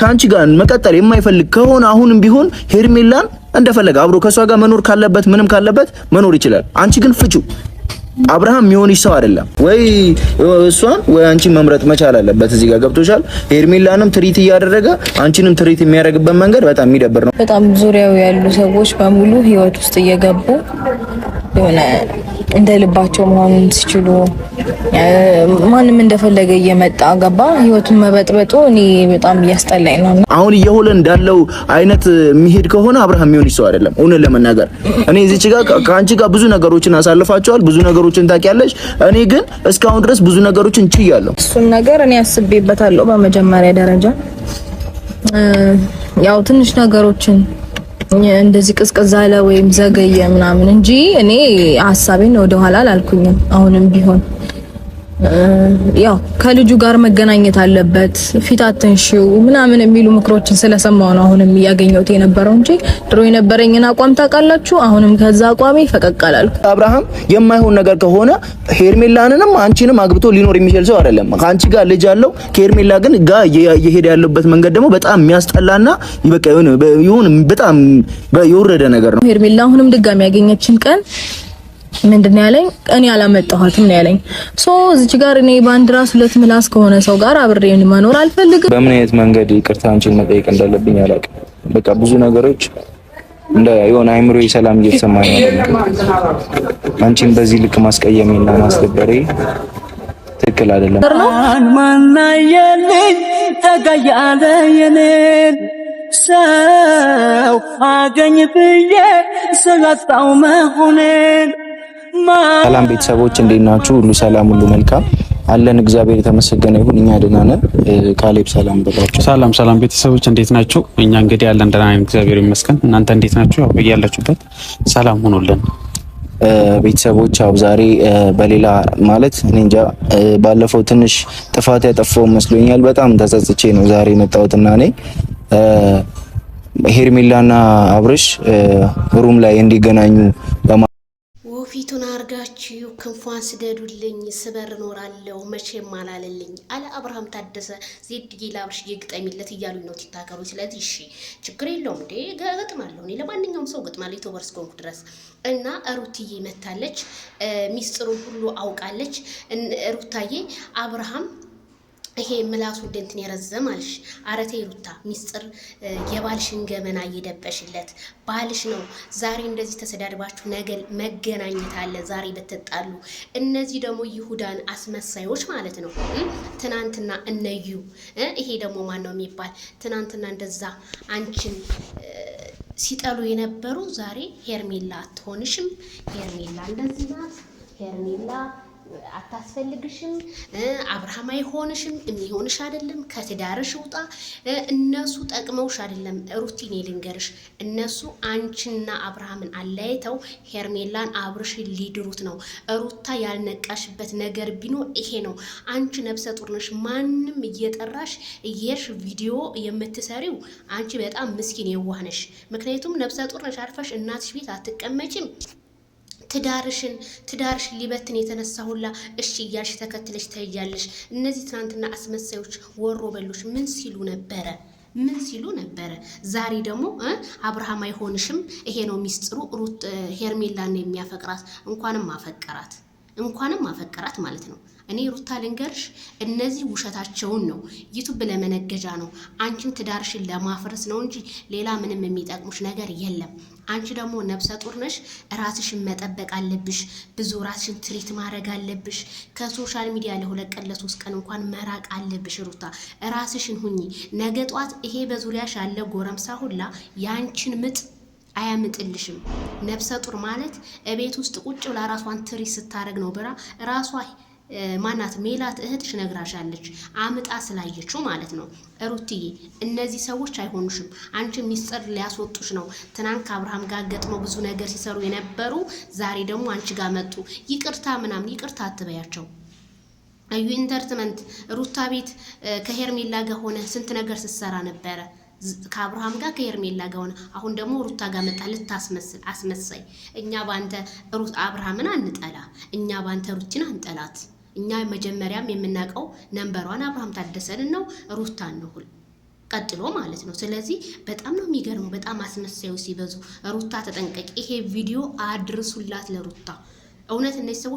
ከአንቺ ጋር መቀጠል የማይፈልግ ከሆነ አሁንም ቢሆን ሄርሜላን እንደፈለገ አብሮ ከእሷ ጋር መኖር ካለበት ምንም ካለበት መኖር ይችላል። አንቺ ግን ፍቹ አብርሃም የሚሆንሽ ሰው አይደለም። ወይ እሷን ወይ አንቺን መምረጥ መቻል አለበት። እዚህ ጋር ገብቶሻል። ሄርሜላንም ትሪት እያደረገ አንቺንም ትሪት የሚያደርግበት መንገድ በጣም የሚደብር ነው። በጣም ዙሪያው ያሉ ሰዎች በሙሉ ህይወት ውስጥ እየገቡ የሆነ እንደ ልባቸው መሆን ሲችሉ ማንም እንደፈለገ እየመጣ ገባ ህይወቱን መበጥበጡ እኔ በጣም እያስጠላኝ ነው። አሁን እየሆለ እንዳለው አይነት የሚሄድ ከሆነ አብርሃም የሚሆን ሰው አይደለም። እውነት ለመናገር እኔ እዚች ጋር ከአንቺ ጋር ብዙ ነገሮችን አሳልፋቸዋል፣ ብዙ ነገሮችን ታውቂያለሽ። እኔ ግን እስካሁን ድረስ ብዙ ነገሮችን ችያለሁ። እሱን ነገር እኔ አስቤበታለሁ በመጀመሪያ ደረጃ ያው ትንሽ ነገሮችን እንደዚህ ቅዝቅዝ አለ ወይም ዘገየ ምናምን እንጂ እኔ ሀሳቤን ወደኋላ አላልኩኝም። አሁንም ቢሆን ያው ከልጁ ጋር መገናኘት አለበት፣ ፊት አትንሺው ምናምን የሚሉ ምክሮችን ስለሰማው ነው አሁንም እያገኘሁት የነበረው እንጂ ድሮ የነበረኝን አቋም ታውቃላችሁ። አሁንም ከዛ አቋሜ ፈቀቅ አላልኩም። አብርሃም የማይሆን ነገር ከሆነ ሄርሜላንንም አንቺንም አግብቶ ሊኖር የሚችል ሰው አይደለም። ከአንቺ ጋር ልጅ አለው። ከሄርሜላ ግን ጋር እየሄደ ያለበት መንገድ ደግሞ በጣም የሚያስጠላና በቃ የሆነ በጣም የወረደ ነገር ነው። ሄርሜላ አሁንም ድጋሚ ያገኘችን ቀን ምንድን ያለኝ? እኔ አላመጣኋትም ነው ያለኝ። ሶ እዚች ጋር እኔ በአንድ ሁለት ምላስ ከሆነ ሰው ጋር አብሬ መኖር አልፈልግም። በምን አይነት መንገድ ይቅርታ አንቺን መጠየቅ እንዳለብኝ አላውቅም። በቃ ብዙ ነገሮች እንደ የሆነ አይምሮ ሰላም እየተሰማኝ ነው። አንቺን በዚህ ልክ ማስቀየሜና ማስደበሬ ትክክል አይደለም። ማናየልኝ ተጋያለ የኔን ሰው አገኝ ብዬ ስላጣው መሆኔን ሰላም ቤተሰቦች እንዴት ናችሁ? ሁሉ ሰላም፣ ሁሉ መልካም አለን። እግዚአብሔር የተመሰገነ ይሁን። እኛ ደህና ነን። ካሌብ ሰላም ብላችሁ። ሰላም ሰላም ቤተሰቦች እንዴት ናችሁ? እኛ እንግዲህ አለን ደህና ነን፣ እግዚአብሔር ይመስገን። እናንተ እንዴት ናችሁ? ያው በያላችሁበት ሰላም ሁኑልን ቤተሰቦች። ያው ዛሬ በሌላ ማለት እኔ እንጃ ባለፈው ትንሽ ጥፋት ያጠፋው መስሎኛል። በጣም ተጸጽቼ ነው ዛሬ የመጣሁትና እኔ ሄርሜላና አብርሽ ሩም ላይ እንዲገናኙ እባካችሁ ክንፏን ስደዱልኝ ስበር እኖራለሁ መቼም አላለልኝ አለ አብርሃም ታደሰ። ዜድጌ ላብርሽ ግጠሚለት እያሉኝ ነው ቲታከሩ። ስለዚህ እሺ ችግር የለውም እንዴ እገጥማለሁ። እኔ ለማንኛውም ሰው እገጥማለሁ የተወርስ ኮንኩ ድረስ እና ሩትዬ መታለች። ሚስጥሩን ሁሉ አውቃለች ሩታዬ አብርሃም ይሄ ምላሱ ደንትን የረዘም አልሽ አረቴ ሩታ ሚስጥር የባልሽን ገመና እየደበሽለት ባልሽ ነው። ዛሬ እንደዚህ ተሰዳድባችሁ ነገ መገናኘት አለ። ዛሬ ብትጣሉ እነዚህ ደግሞ ይሁዳን አስመሳዮች ማለት ነው። ትናንትና እነዩ ይሄ ደግሞ ማን ነው የሚባል ትናንትና እንደዛ አንቺን ሲጠሉ የነበሩ ዛሬ ሄርሜላ አትሆንሽም። ሄርሜላ እንደዚህ ናት። ሄርሜላ አታስፈልግሽም፣ አብርሃም አይሆንሽም፣ የሚሆንሽ አይደለም፣ ከትዳርሽ ውጣ። እነሱ ጠቅመውሽ አይደለም። ሩቲኔ ልንገርሽ፣ እነሱ አንቺና አብርሃምን አለያይተው ሄርሜላን አብርሽ ሊድሩት ነው። ሩታ ያልነቃሽበት ነገር ቢኖር ይሄ ነው። አንቺ ነብሰ ጡር ነሽ። ማንም እየጠራሽ እየሽ ቪዲዮ የምትሰሪው አንቺ በጣም ምስኪን የዋህ ነሽ። ምክንያቱም ነብሰ ጡር ነሽ። አርፈሽ እናትሽ ቤት አትቀመጭም። ትዳርሽን ትዳርሽ ሊበትን የተነሳ ሁላ እሺ እያልሽ ተከትለሽ ተይያለሽ። እነዚህ ትናንትና አስመሳዮች ወሮ በሎች ምን ሲሉ ነበረ? ምን ሲሉ ነበረ? ዛሬ ደግሞ አብርሃም አይሆንሽም፣ ይሄ ነው ሚስጥሩ፣ ሩት ሄርሜላን የሚያፈቅራት እንኳንም አፈቀራት። እንኳንም አፈቀራት ማለት ነው። እኔ ሩታ ልንገርሽ፣ እነዚህ ውሸታቸውን ነው። ዩቱብ ለመነገጃ ነው። አንቺን ትዳርሽን ለማፍረስ ነው እንጂ ሌላ ምንም የሚጠቅሙሽ ነገር የለም። አንቺ ደግሞ ነብሰ ጡር ነሽ። ራስሽን መጠበቅ አለብሽ። ብዙ ራስሽን ትሪት ማድረግ አለብሽ። ከሶሻል ሚዲያ ለሁለት ቀን ለሶስት ቀን እንኳን መራቅ አለብሽ። ሩታ ራስሽን ሁኚ። ነገ ጧት ይሄ በዙሪያሽ ያለ ጎረምሳ ሁላ የአንቺን ምጥ አያምጥልሽም። ነፍሰ ጡር ማለት እቤት ውስጥ ቁጭ ብላ ራሷን ትሪ ስታደርግ ነው ብራ ራሷ ማናት ሜላት እህትሽ ነግራሻለች፣ አምጣ ስላየችው ማለት ነው። ሩትዬ እነዚህ ሰዎች አይሆኑሽም። አንቺ ሚስጥር ሊያስወጡሽ ነው። ትናንት ከአብርሃም ጋር ገጥመው ብዙ ነገር ሲሰሩ የነበሩ ዛሬ ደግሞ አንቺ ጋር መጡ። ይቅርታ ምናምን ይቅርታ አትበያቸው። እዩ ኢንተርትመንት ሩታ ቤት ከሄርሜላ ጋር ሆነ ስንት ነገር ስትሰራ ነበረ። ከአብርሃም ጋር ከሄርሜላ ጋር ሆነ። አሁን ደግሞ ሩታ ጋር መጣ ልታስመስል አስመሳይ። እኛ በአንተ አብርሃምን አንጠላ፣ እኛ ባንተ ሩችን አንጠላት። እኛ መጀመሪያም የምናውቀው ነንበሯን አብርሃም ታደሰንን ነው ሩታ እንሁል ቀጥሎ ማለት ነው። ስለዚህ በጣም ነው የሚገርመው። በጣም አስመሳዩ ሲበዙ። ሩታ ተጠንቀቂ። ይሄ ቪዲዮ አድርሱላት ለሩታ እውነት እነዚህ ሰዎች